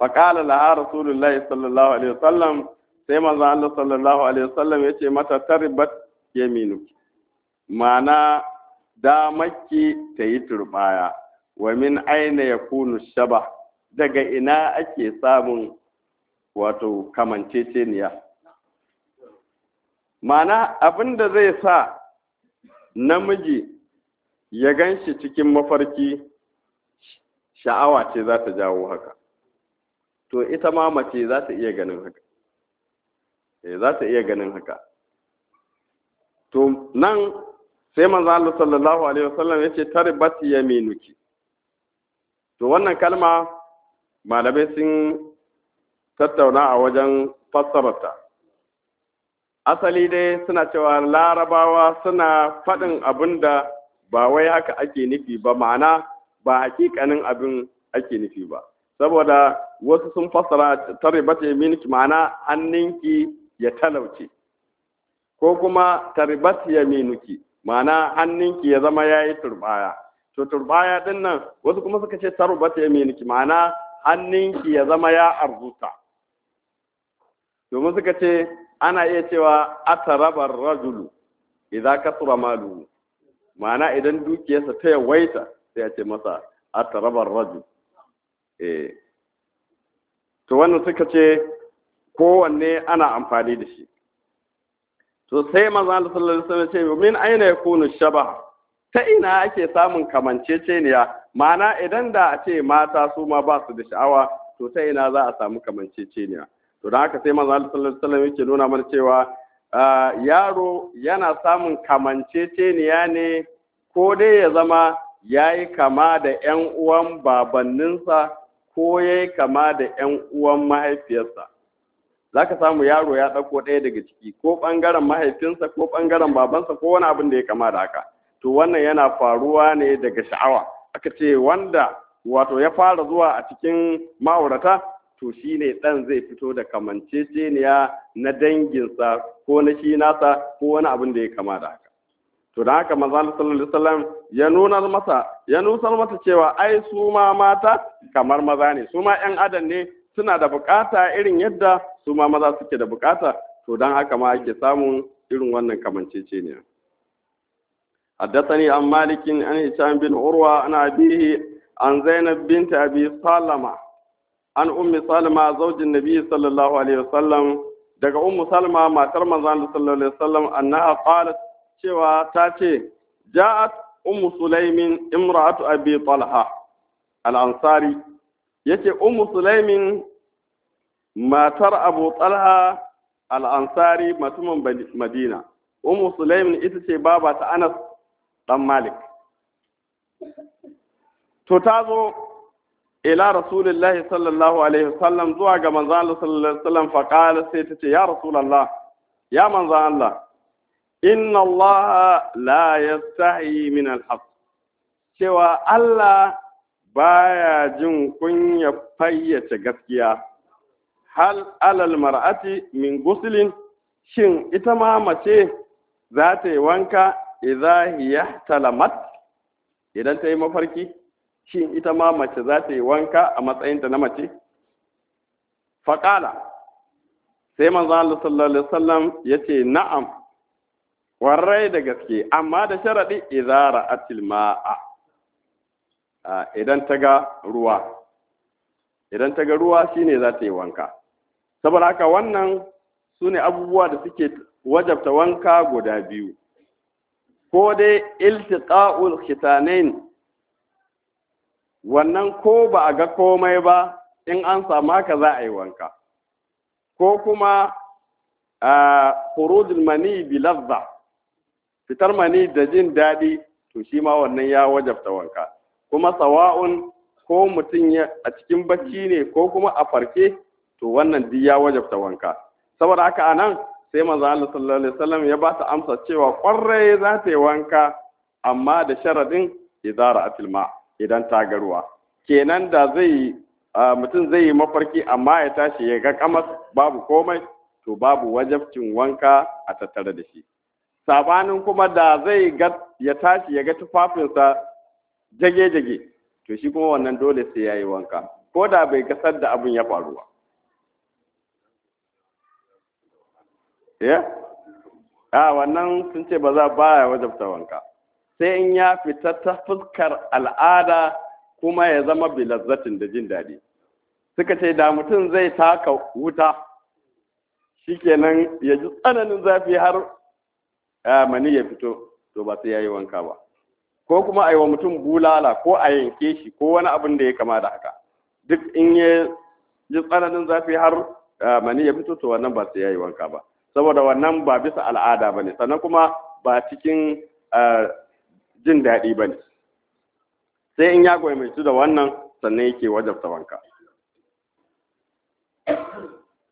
faƙala laha rasulullahi sallallahu alaihi wasallam sai manzon Allah sallallahu alaihi wasallam ya ce mata taribat yaminuki ma'ana damakki ta yi turbaya wa min aina ya kunu shaba daga ina ake samun wato kamanceceniya mana abin da zai sa namiji ya gan shi cikin mafarki sha'awa ce za ta jawo haka to ita ma mace za ta iya ganin haka eh, za ta iya ganin haka to nan sai manzo Allah sallallahu alaihi wasallam yace taribat yaminuki to wannan kalma malamai sun tattauna a wajen fassararta asali dai suna cewa larabawa suna faɗin abin da ba wai haka ake nufi ba ma'ana ba hakikanin abin ake nufi ba saboda wasu sun fassara taribata yaminki ma'ana hannunki ya talauce ko kuma ya yaminuki ma'ana hannunki ya zama yayi turbaya to turbaya dinnan, nan wasu kuma suka ce ya yaminiki ma'ana hannunki ya zama ya arzuta domin suka ce ana iya cewa atarabar rajulu idza kasura malu ma'ana idan dukiyarsa ta yawaita sai a ce masa atarabar rajul eh to wannan suka ce kowanne ana amfani da shi to sai manzo Allah sallallahu alaihi ce min aina yakunu shaba. ta ina ake samun kamanceceniya ma'ana idan da a ce mata su ma ba su da sha'awa to ta ina za a samu kamanceceniya to da haka sai manzo Allah sallallahu alaihi wasallam yake nuna mana cewa yaro yana samun kamanceceniya ne ko dai ya zama yayi kama da 'yan uwan babanninsa ko ya kama da 'yan uwan mahaifiyarsa za samu yaro ya ɗauko ɗaya daga ciki ko ɓangaren mahaifinsa ko ɓangaren babansa ko wani abin da ya kama da haka to wannan yana faruwa ne daga sha'awa aka ce wanda wato ya fara zuwa a cikin ma'aurata to shi ne ɗan zai fito da kamanceceniya na danginsa ko na shi nasa ko wani abin da ya kama da haka to da haka manzo Allah sallallahu alaihi wasallam ya nuna masa ya nusar masa cewa ai su ma mata kamar maza ne su ma ƴan adam ne suna da bukata irin yadda su ma maza suke da bukata to dan haka ma ake samun irin wannan kamanceceniya حدثني an malikin an هشام bin Urwa an أبيه an Zainab بنت abi Salama. an ummi salma zaujin nabi sallallahu alaihi wasallam daga ummu salma matar manzon sallallahu alaihi wasallam annaha qalat cewa ta ce ja'at ummu sulaimin imra'atu abi talha al-ansari yace ummu sulaimin matar abu talha al-ansari mutumin madina ummu sulaimin ita ce baba ta anas dan malik to ta zo ila rasulillahi sallallahu alaihi wasallam zuwa ga manzon Allah sallallahu alaihi wasallam fa qala sai tace ya rasulullah ya manzon Allah inna Allah la yastahi min al-haq cewa Allah baya jin kunya fayyace gaskiya hal alal mar'ati min guslin shin ita ma mace za ta yi wanka idza hiya talamat idan ta yi mafarki shin ita ma mace za ta yi wanka a matsayinta na mace faƙala sai manzon Allah sallallahu alaihi wasallam yace na'am warrai da gaske amma da sharadi izara ra'atil ma'a idan ta ga ruwa idan ta ga ruwa shine za ta yi wanka saboda haka wannan sune abubuwa da suke wajabta wanka guda biyu ko dai iltiqa'ul khitanain wannan ko ba a ga komai ba in an samu haka za a yi wanka ko kuma khurujul mani bi fitar mani da jin daɗi to shi ma wannan ya wajabta wanka kuma sawa'un ko mutum a cikin bacci ne ko kuma a farke to wannan duk ya wajabta wanka saboda haka anan sai manzo Allah sallallahu alaihi wasallam ya ba ta amsa cewa kwarai za ta yi wanka amma da sharadin idara atil ma idan ta ga ruwa kenan da zai mutum zai yi mafarki amma ya tashi ya ga kamar babu komai to babu wajabcin wanka a tattare da shi sabanin kuma da zai ga ya tashi ya ga tufafinsa jage-jage to shi kuma wannan dole sai ya yi wanka ko da bai gasar da abin ya faru ba ya eh? wannan sun ce ba za ba ya wajabta wanka sai in ya fita ta fuskar al'ada kuma ya zama bilazzatin da jin daɗi suka ce da mutum zai taka wuta shikenan ya ji tsananin zafi har mani ya fito to ba sai ya yi wanka ba ko kuma a yi wa mutum bulala ko a yanke shi ko wani abin da ya kama da haka duk in ya ji tsananin zafi har mani ya fito to wannan ba sai ya yi wanka ba saboda wannan ba bisa al'ada ba ne sannan kuma ba cikin jin daɗi ba ne sai in ya gwaimaitu da wannan sannan yake wajabta wanka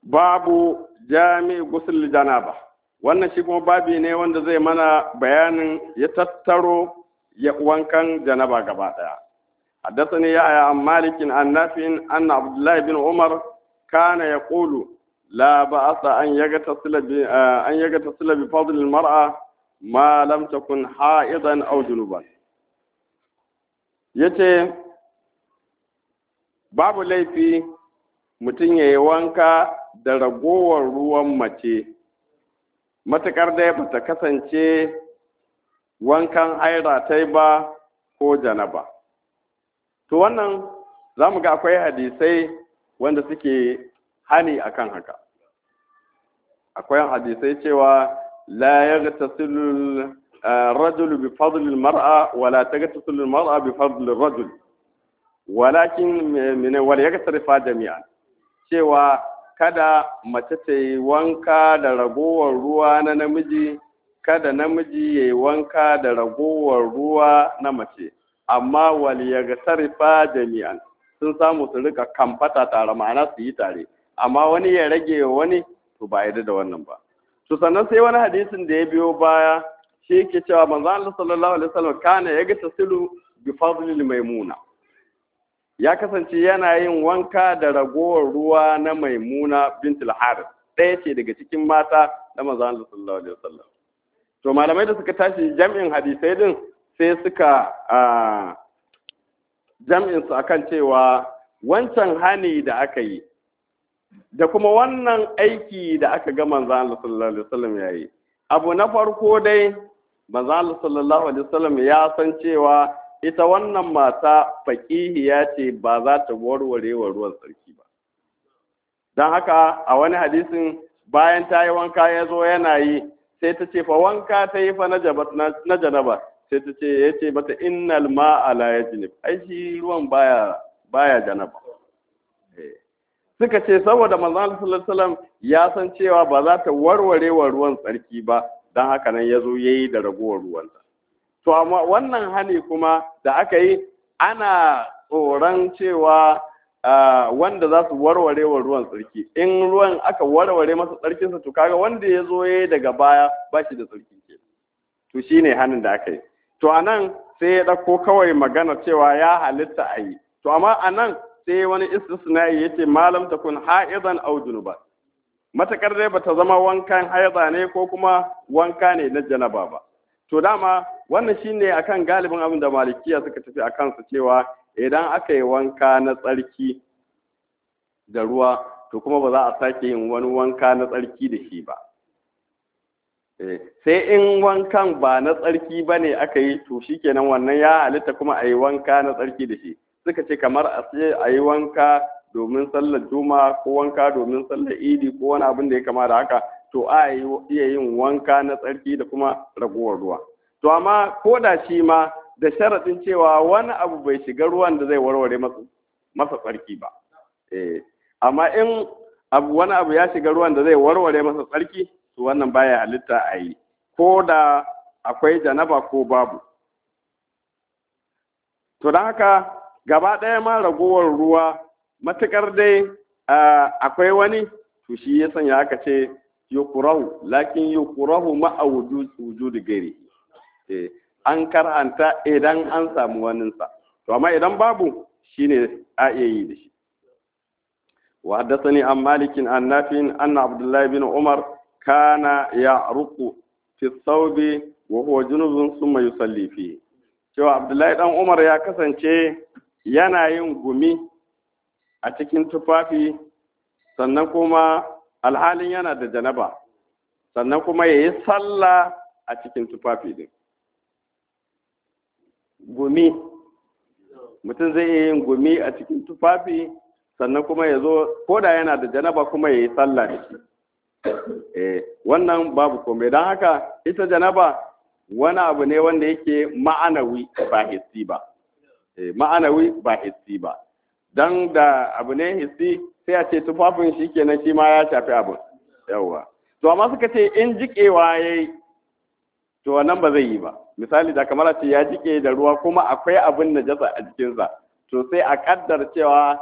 babu jami gusul janaba wannan shi kuma babi ne wanda zai mana bayanin ya tattaro ya wankan janaba gaba ɗaya حدثني يا عن مالك عن نافع أن عبد الله بن عمر كان يقول لا بأس an يغتسل أن يغتسل بفضل mara. ma lam takun ha'idan aw junuban yace babu laifi mutum ya yi wanka da ragowar ruwan mace matuƙar dai ba ta kasance wankan aira ta ba ko janaba to wannan za mu ga akwai hadisai wanda suke hani akan haka akwai hadisai cewa la yaghtasilu الرجل بفضل المرأة ولا تغتسل المرأة بفضل الرجل walakin mene wal yaktarifa jami'an cewa kada mace ta yi wanka da ragowar ruwa na namiji kada namiji ya yi wanka da ragowar ruwa na mace amma wal yaktarifa jami'an sun samu su rika kamfata tare ma'ana su yi tare amma wani ya rage wani su ba yadda da wannan ba to sannan sai wani hadisin da ya biyo baya shi yake cewa manzo Allah sallallahu alaihi wasallam kana yaga tasilu bi fadlil maimuna ya kasance yana yin wanka da ragowar ruwa na maimuna bintul harith ɗaya ce daga cikin mata na manzo Allah sallallahu alaihi wasallam to malamai da suka tashi jam'in hadisai din sai suka jam'in su akan cewa wancan hani da aka yi da kuma wannan aiki da aka ga manzo Allah sallallahu alaihi wasallam yayi abu na farko dai manzo Allah sallallahu alaihi wasallam ya san cewa ita wannan mata faqihiya ce ba za ta warware wa ruwan sarki ba dan haka a wani hadisin bayan ta yi wanka ya zo yana yi sai ta ce fa wanka ta yi fa na janaba sai ta ce ya ce mata innal ma'a la yajnib ai shi ruwan baya baya janaba eh suka ce saboda manzon sallallahu alaihi ya san cewa ba za ta warware wa ruwan tsarki ba dan haka nan yazo yayi da ragowar ruwan to amma wannan hani kuma da aka yi ana tsoron cewa wanda za su warware wa ruwan tsarki in ruwan aka warware masa tsarkinsa to kaga wanda ya zo ya daga baya ba shi da tsarki ke to shine hanin da aka yi to anan sai ya dauko kawai magana cewa ya halitta a yi to amma anan. sai wani istisnai yace malam ta kun ha'idan au junuba matakar dai bata zama wankan haiza ne ko kuma wanka ne na janaba ba to dama wannan shine akan galibin abin da malikiya suka tafi a kansu cewa idan aka yi wanka na tsarki da ruwa to kuma ba za a sake yin wani wanka na tsarki da shi ba eh, sai in wankan ba na tsarki ba ne aka yi to shi kenan wannan ya halitta kuma a yi wanka na tsarki da shi suka ce kamar a sai a yi wanka domin sallar juma ko wanka domin sallar idi ko wani abin da ya kama da haka to a iya yin wanka na tsarki da kuma ragowar ruwa to amma ko da shi ma da sharaɗin cewa wani abu bai shiga ruwan da zai warware masa tsarki ba eh, amma in wani abu ya shiga ruwan da zai warware masa tsarki to wannan baya halitta a yi ko da akwai janaba ko babu to don haka gaba ɗaya ma ragowar ruwa matuƙar dai akwai wani to shi ya sanya aka ce yukurahu lakin yukurahu wuju da gari eh, an karanta idan an samu waninsa to amma idan babu shine a iya yi da shi وحدثني عن مالك عن نافع أن عبد الله بن عمر كان يعرق في الثوب وهو جنوب ثم يصلي فيه cewa abdullahi dan umar ya kasance yana yin gumi a cikin tufafi sannan kuma alhalin yana da janaba sannan kuma ya yi sallah a cikin tufafi din gumi mutum zai iya yin gumi a cikin tufafi sannan kuma ya zo ko da yana da janaba kuma ya yi sallah da shi eh, wannan babu komai don haka ita janaba wani abu ne wanda yake ma'anawi ba hissi ba Eh, ma'anawi ba hissi ba don da abu ne hissi sai a ce tufafin shi kenan shi ma ya shafi abu yawwa to amma suka ce in jikewa ya yi to wannan ba zai yi ba misali da kamar a ce ya jike da ruwa kuma akwai abin jasa a jikinsa to sai a kaddar cewa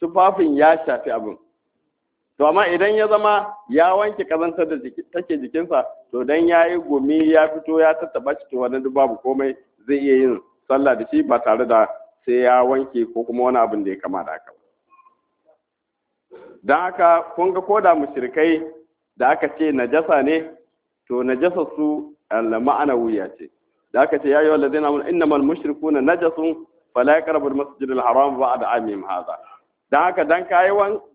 tufafin ya shafi abin to amma idan ya zama ya wanke kazantar da take jikinsa to dan ya yi gumi ya fito ya tattaba shi to wannan babu komai zai iya yin sallah da shi ba tare da sai ya wanke ko kuma wani abin da ya kama da haka don haka kun ga koda mushrikai da aka ce najasa ne to najasa su eh, ma'ana wuya ce da aka ce yayi walladina mun mushriku na najasun fala yaqrabu masu jirin haram da amin haza. don haka dan kayi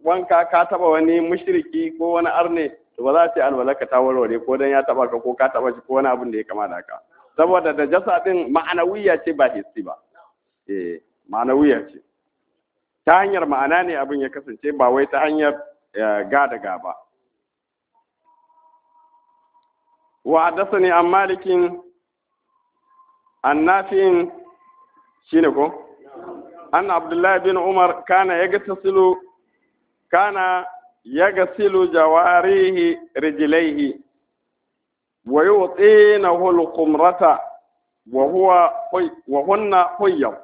wanka ka taba wani mushriki ko wani arne to ba za a ce alwalaka ta warware ko dan ya taba ka ko ka taba shi ko wani abin da ya kama da haka saboda da jasa din ma'anawiya ce ba hissi ba eh ma'anawiya ce ta hanyar ma'ana ne abin ya kasance ba wai ta hanyar eh, ga da ga ba wa ne an malikin annafin shine ko an abdullahi bin umar kana yagtasilu kana yagsilu jawarihi rijlaihi wa yu'tinahu al-qumrata wa wa hunna huyyab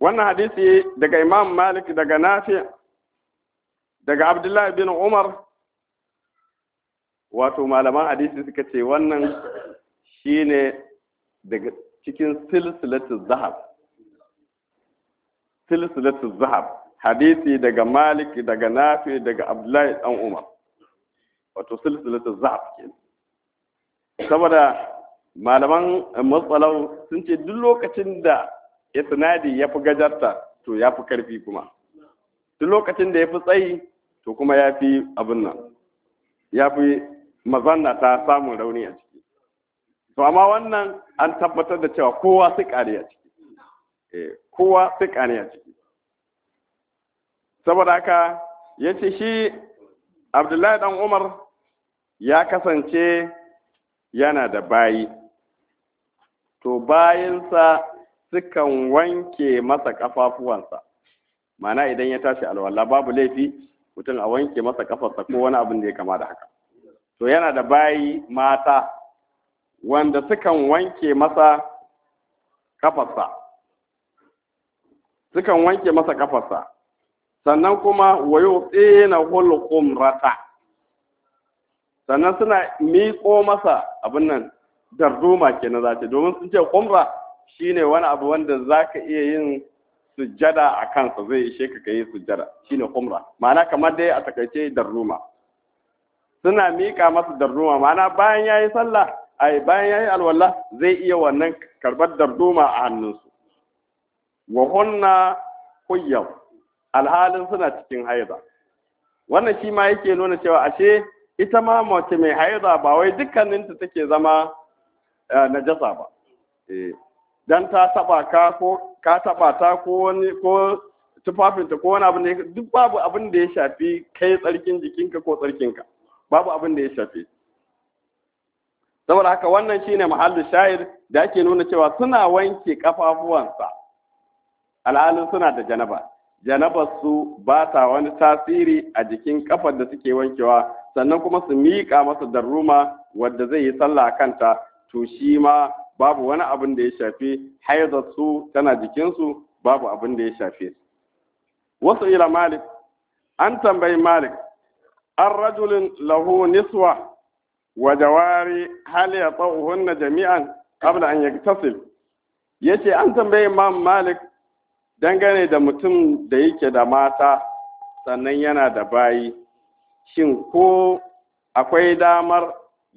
wannan hadisi daga Imam Malik daga Nafi daga Abdullahi bin Umar wato malaman hadisi suka ce wannan shine daga cikin silsilatu zahab silsilatu zahab hadisi daga Malik daga Nafi daga Abdullahi dan Umar wato silsilatu za'af saboda malaman matsalau sun ce duk lokacin da isnadi ya fi gajarta to ya fi karfi kuma duk lokacin da ya fi tsayi to kuma ya fi abin nan ya fi mazanna ta samun rauni a ciki to amma wannan an tabbatar da cewa kowa siƙa ƙare a ciki eh, kowa siƙa ƙare a ciki saboda haka ya ce shi abdullahi dan umar ya kasance yana da bayi to bayinsa sukan wanke masa kafafuwansa mana idan ya tashi alwala babu laifi mutum a wanke masa kafarsa ko wani abin da ya kama da haka to yana da bayi mata wanda sukan wanke masa kafarsa sukan wanke masa kafarsa sannan kuma wayo tsena hulqum rata sannan suna miƙo masa abin nan darduma ke na ta domin sun ce kumra shine wani abu wanda zaka iya yin sujjada a kansa zai ishe ka yi sujjada shine kumra ma'ana kamar dai a takaice darduma suna miƙa masa darduma ma'ana bayan yayi sallah ai bayan yayi alwala zai iya wannan karbar darduma a hannunsu wa hunna alhalin suna cikin haiza wannan shi ma yake nuna cewa ashe ita ma mace mai haiza ba wai dukkaninta take zama eh, najasa ba eh, dan ta taba ka ko ka taba ta ko wani ko tufafinta ko wani abin da duk babu abin da ya shafi kai tsarkin jikinka ko tsarkinka babu abin da ya shafi saboda haka wannan shine mahallin shayir da ake nuna cewa suna wanke sa. alhalin suna da janaba janabarsu ba ta wani tasiri a jikin kafar da suke wankewa sannan kuma su miƙa masa darruma wadda zai yi sallah kanta to shi ma babu wani abin da ya shafi haizarsu tana jikinsu babu abin da ya shafe su wasu ila malik an tambayi malik an rajulin lahu niswa wa jawari hal ya tsawuhunna jami'an qabla an yaktasil yace an tambayi imam malik dangane da mutum da yake da mata sannan yana da bayi shin ko akwai damar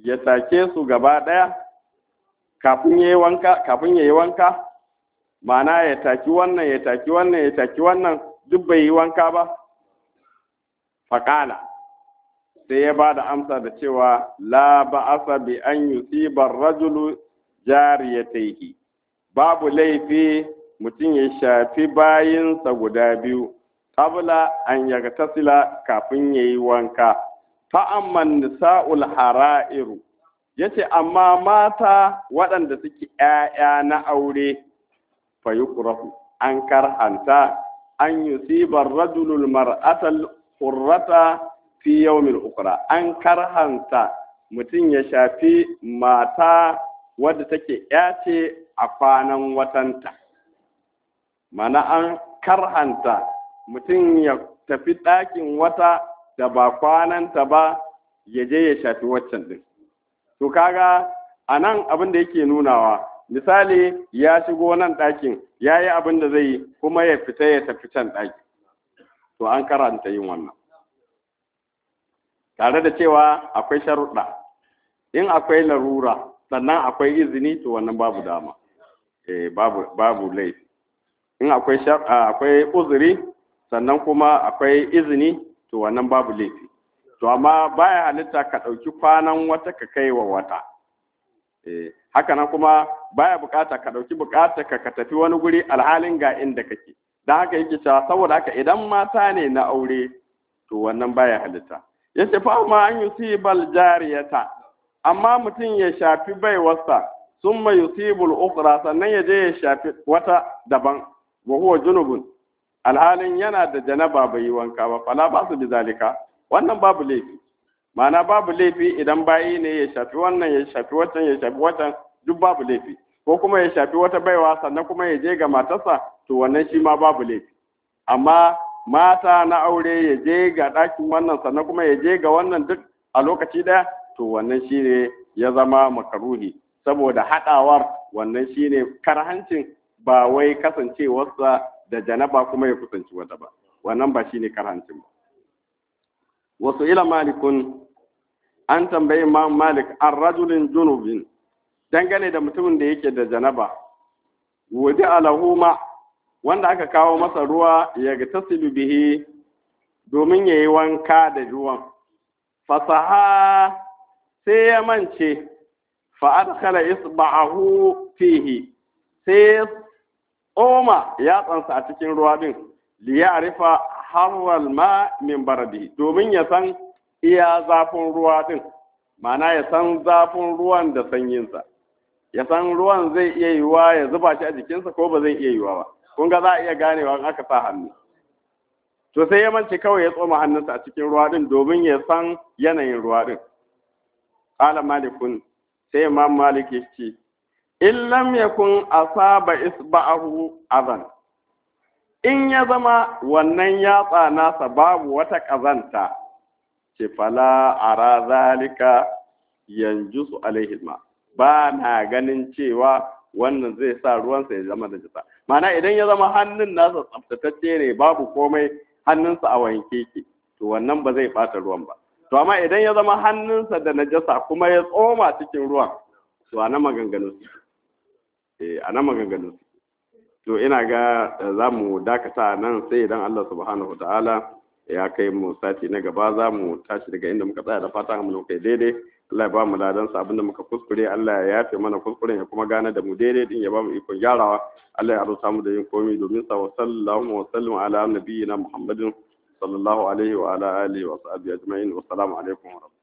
ya take su gaba ɗaya kafin ya yi wanka mana ya taki wannan ya taki wannan ya taki wannan duk bai yi wanka ba faƙala sai ya ba da amsa da cewa la ba'asa bi an yusiba rajulu jariyatayhi babu laifi mutum ya shafi bayinsa guda biyu qabla an tasila kafin ya yi wanka ta amman nisa'ul hara'iru ce, amma mata waɗanda suke yaya na aure fa yukrahu an karhanta an yi sibar rajulul mar'atal qurrata fi mil ƙura. an karhanta mutum ya shafi mata wadda take ƴace a kwanan watanta mana an karhanta mutum ya tafi ɗakin wata da ba kwananta ba ya je ya shafi waccan ɗin to kaga a nan abin da yake nunawa misali ya shigo nan ɗakin ya yi abin da zai yi kuma ya fita ya tafi can ɗakin, to an karanta yin wannan tare da cewa akwai sharuɗa in akwai larura sannan akwai izini to wannan babu dama eh, babu laifi in akwai akwai uzuri sannan kuma akwai izini to wannan babu laifi to amma baya halitta ka ɗauki kwanan wata ka kai wa wata eh, haka nan kuma baya bukata ka ɗauki bukata ka ka tafi wani guri alhalin ga inda kake don haka yake cewa saboda haka idan mata ne na aure to wannan baya halitta yace fa ma an yusibal jariyata amma mutum ya shafi baiwarsa sun ma yusibul ukhra sannan ya je ya shafi wata daban wa huwa junubun alhalin yana da janaba bai yi wanka ba fala ba su bizalika wannan babu laifi ma'ana babu laifi idan bayi ne ya shafi wannan ya shafi wancan ya shafi wancan duk babu laifi ko kuma ya shafi wata baiwa sannan kuma ya je ga matarsa to wannan shi ma babu laifi amma mata na aure ya je ga ɗakin wannan sannan kuma ya je ga wannan duk a lokaci ɗaya to wannan shi ne ya zama makaruhi saboda haɗawar wannan shi ne karhancin ba wai kasancewarsa da janaba kuma ya kusanci wata ba wannan ba shine karhancin ba wasu ila malikun an tambayi imam malik an rajulin junubin dangane da mutumin da yake da janaba wadi alahuma wanda aka kawo masa ruwa ya ga tasilu bihi domin ya yi wanka da ruwan fasaha sai ya mance kala isba'ahu fihi sai tsoma yatsansa a cikin ruwa din liyarifa harwal ma min baradi domin ya san iya zafin ruwa din mana ya san zafin ruwan da sanyinsa ya san ruwan zai iya yiwa ya zuba shi a jikinsa ko ba zai iya yiwa ba kun ga za a iya ganewa in aka sa hannu to sai ya mance kawai ya tsoma hannunsa a cikin ruwa din domin ya san yanayin ruwa din qala malikun sai imam malik ya ce in lam yakun asaba isba'ahu azan in ya zama wannan yatsa nasa babu wata kazanta ce fala ara zalika yanju su alaihi ma ba na ganin cewa wannan zai sa ruwansa ya zama da jisa mana idan ya zama hannun nasa tsaftatacce ne babu komai hannunsa a wanke ke to wannan ba zai bata ruwan ba to amma idan ya zama hannunsa da najasa kuma ya tsoma cikin ruwan to ana maganganu Eh, a nan maganganun to ina ga eh, za mu dakata nan sai idan Allah subhanahu ta'ala ya kai mu sati na gaba za mu tashi daga inda muka tsaya da fatan mu kai daidai Allah ya ba mu ladan sa abinda muka kuskure Allah ya yafe mana kuskuren ya kuma gane da mu daidai din ya ba mu ikon gyarawa Allah ya arzuta mu da yin komai domin sa wa sallallahu wa sallam ala nabiyina Muhammadin sallallahu alaihi wa ala alihi wa sahbihi ajma'in wa assalamu alaikum wa